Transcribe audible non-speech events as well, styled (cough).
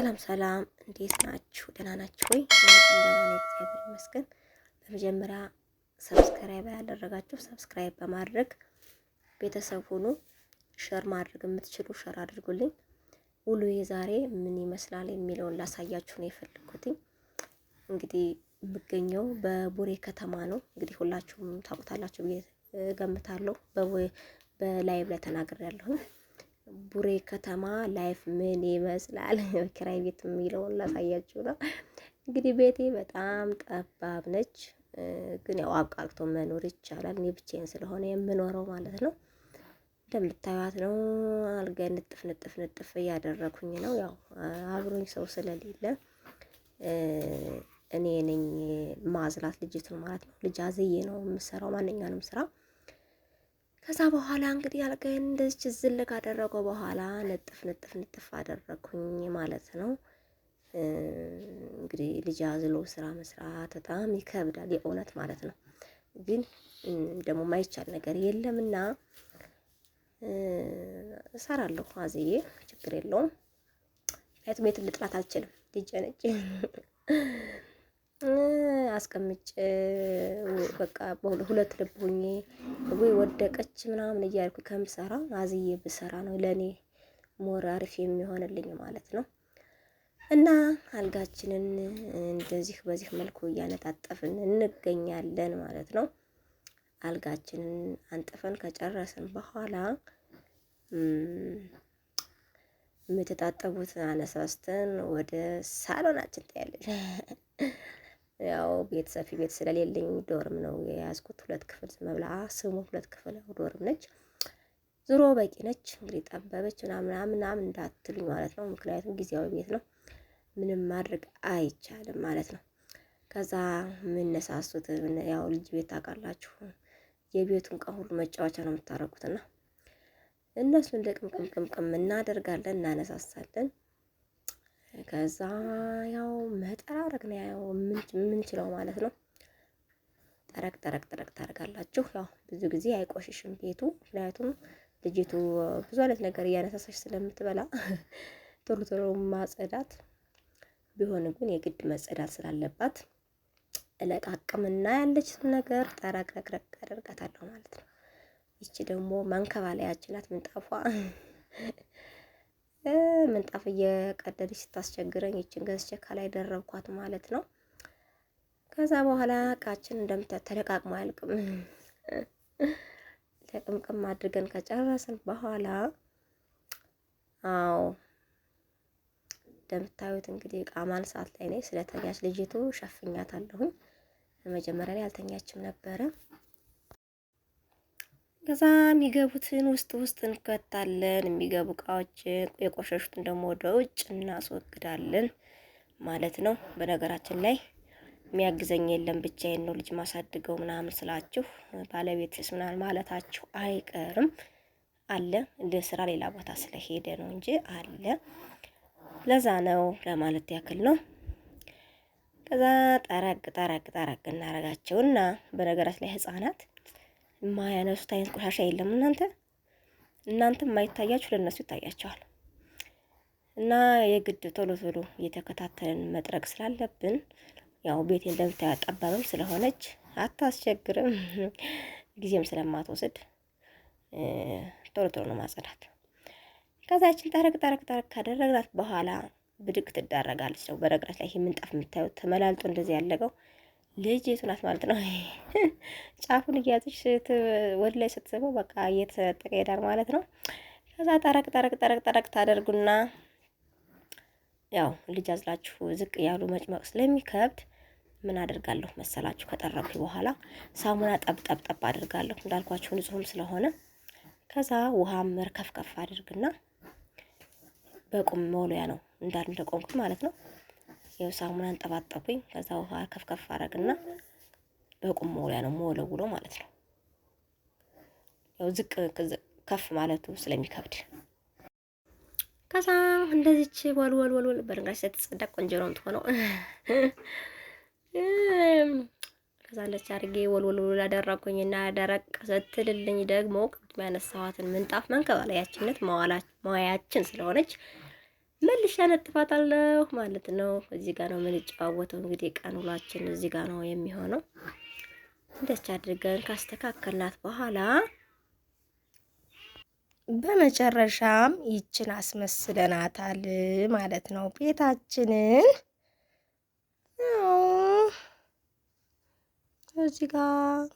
ሰላም ሰላም፣ እንዴት ናችሁ? ደህና ናችሁ ወይ? እግዚአብሔር ይመስገን። በመጀመሪያ ሰብስክራይብ ያደረጋችሁ ሰብስክራይብ በማድረግ ቤተሰብ ሁኑ። ሸር ማድረግ የምትችሉ ሸር አድርጉልኝ። ውሉ ዛሬ ምን ይመስላል የሚለውን ላሳያችሁ ነው የፈለኩትኝ። እንግዲህ የምገኘው በቡሬ ከተማ ነው። እንግዲህ ሁላችሁም ታውቁታላችሁ ብዬ እገምታለሁ። በላይብ ላይ ተናግሬያለሁ። ቡሬ ከተማ ላይፍ ምን ይመስላል ክራይ (laughs) ቤት የሚለውን ላሳያችሁ ነው። እንግዲህ ቤቴ በጣም ጠባብ ነች፣ ግን ያው አቃልቶ መኖር ይቻላል። እኔ ብቻዬን ስለሆነ የምኖረው ማለት ነው። እንደምታዩት ነው። አልጋ ንጥፍ ንጥፍ ንጥፍ እያደረኩኝ ነው። ያው አብሮኝ ሰው ስለሌለ እኔ ነኝ ማዝላት ልጅቱን ማለት ነው። ልጅ አዝዬ ነው የምሰራው ማንኛውንም ስራ ከዛ በኋላ እንግዲህ አልጋዬን እንደዚች ዝልግ ካደረገው በኋላ ንጥፍ ንጥፍ ንጥፍ አደረኩኝ ማለት ነው። እንግዲህ ልጅ አዝሎ ስራ መስራት በጣም ይከብዳል የእውነት ማለት ነው። ግን ደግሞ ማይቻል ነገር የለምና እሰራለሁ አዝዬ ችግር የለውም። ምክንያቱም የት ልጥላት አልችልም ልጅ ነጭ (laughs) አስቀምጭ በቃ ሁለት ልብ ሁኜ ወይ ወደቀች ምናምን እያልኩ ከምሰራ አዝዬ ብሰራ ነው ለእኔ ሞር አሪፍ የሚሆንልኝ ማለት ነው። እና አልጋችንን እንደዚህ በዚህ መልኩ እያነጣጠፍን እንገኛለን ማለት ነው። አልጋችንን አንጥፈን ከጨረስን በኋላ የምትጣጠቡትን አነሳስተን ወደ ሳሎናችን ታያለን። ያው ቤት ሰፊ ቤት ስለሌለኝ ዶርም ነው የያዝኩት። ሁለት ክፍል መብላ ስሙ ሁለት ክፍል ዶርም ነች። ዝሮ በቂ ነች። እንግዲህ ጠበበች ምናምን ምናምን እንዳትሉኝ ማለት ነው። ምክንያቱም ጊዜያዊ ቤት ነው፣ ምንም ማድረግ አይቻልም ማለት ነው። ከዛ የምነሳሱት ያው ልጅ ቤት ታውቃላችሁ፣ የቤቱን ዕቃ ሁሉ መጫወቻ ነው የምታረጉትና እነሱን ደቅምቅምቅምቅም እናደርጋለን፣ እናነሳሳለን። ከዛ ያው መጠራረግ ነው ያው የምንችለው ማለት ነው። ጠረቅ ጠረቅ ጠረቅ ታደርጋላችሁ። ያው ብዙ ጊዜ አይቆሽሽም ቤቱ ምክንያቱም ልጅቱ ብዙ አይነት ነገር እያነሳሳች ስለምትበላ (laughs) ቶሎ ቶሎ ማጸዳት ቢሆን ግን የግድ መጸዳት ስላለባት እለቃቅምና ያለችን ነገር ጠረቅ አደርጋታለሁ ማለት ነው። ይቺ ደግሞ ማንከባለያችን ናት ምንጣፏ (laughs) ምንጣፍ እየቀደደች ስታስቸግረኝ ይችን ገዝቼ ከላይ ደረብኳት ማለት ነው። ከዛ በኋላ እቃችን እንደምታ ተለቃቅሞ አያልቅም። ለቅምቅም አድርገን ከጨረስን በኋላ አዎ እንደምታዩት እንግዲህ እቃ ማንሳት ላይ ነኝ። ስለተኛች ልጅቱ ሸፍኛታለሁኝ። መጀመሪያ ላይ አልተኛችም ነበረ። ከዛ የሚገቡትን ውስጥ ውስጥ እንከታለን። የሚገቡ እቃዎችን የቆሸሹትን ደግሞ ወደ ውጭ እናስወግዳለን ማለት ነው። በነገራችን ላይ የሚያግዘኝ የለም ብቻዬን ነው ልጅ ማሳድገው ምናምን ስላችሁ ባለቤትስ ምናምን ማለታችሁ አይቀርም። አለ እንደ ስራ ሌላ ቦታ ስለሄደ ነው እንጂ አለ። ለዛ ነው ለማለት ያክል ነው። ከዛ ጠረግ ጠረግ ጠረግ እናረጋቸውና በነገራችን ላይ ህጻናት የማያነሱት አይነት ቆሻሻ የለም። እናንተ እናንተ የማይታያችሁ ለእነሱ ይታያቸዋል። እና የግድ ቶሎ ቶሎ እየተከታተልን መጥረግ ስላለብን ያው ቤቴ እንደምታዩ ጠባብም ስለሆነች አታስቸግርም፣ (laughs) ጊዜም ስለማትወስድ ቶሎ ቶሎ ነው ማጽዳት። ከዛችን ጠረቅ ጠረቅ ጠረቅ ካደረግናት በኋላ ብድቅ ትዳረጋለች ነው። በረግራት ላይ ይህ ምንጣፍ የምታዩት ተመላልጦ እንደዚህ ያለቀው ልጅ የትናት ማለት ነው። (laughs) ጫፉን እያያዘች ወደ ላይ ስትስበው በቃ እየተሰነጠቀ ይሄዳል ማለት ነው። ከዛ ጠረቅ ጠረቅ ጠረቅ ጠረቅ ታደርጉና ያው ልጅ አዝላችሁ ዝቅ ያሉ መጭመቅ ስለሚከብድ ምን አደርጋለሁ መሰላችሁ? ከጠረኩ በኋላ ሳሙና ጠብ ጠብ ጠብ አድርጋለሁ እንዳልኳችሁ ንጹህም ስለሆነ ከዛ ውሃ መርከፍከፍ አድርግና በቁም መውለያ ነው እንዳል እንደቆምኩት ማለት ነው ይኸው ሳሙና አንጠባጠብኩኝ። ከዛ ውሃ ከፍከፍ አረግና በቁም መውሪያ ነው መወለውሎ ማለት ነው። ያው ዝቅ ከፍ ማለቱ ስለሚከብድ ከዛ እንደዚች ወልወል ወልወል በርንጋሽ ስትጸዳ ቆንጆ ነው የምትሆነው። ከዛ እንደች አድርጌ ወልወል ወልወል እና ደረቅ ስትልልኝ ደግሞ ቅድም ያነሳኋትን ምንጣፍ መንከባለያችነት መዋያችን ስለሆነች መልሻ ነጥፋታለሁ ማለት ነው። እዚህ ጋር ነው የምንጫወተው። እንግዲህ ቀን ውሏችን እዚህ ጋር ነው የሚሆነው። እንደች አድርገን ካስተካከልናት በኋላ በመጨረሻም ይችን አስመስለናታል ማለት ነው። ቤታችንን እዚህ ጋር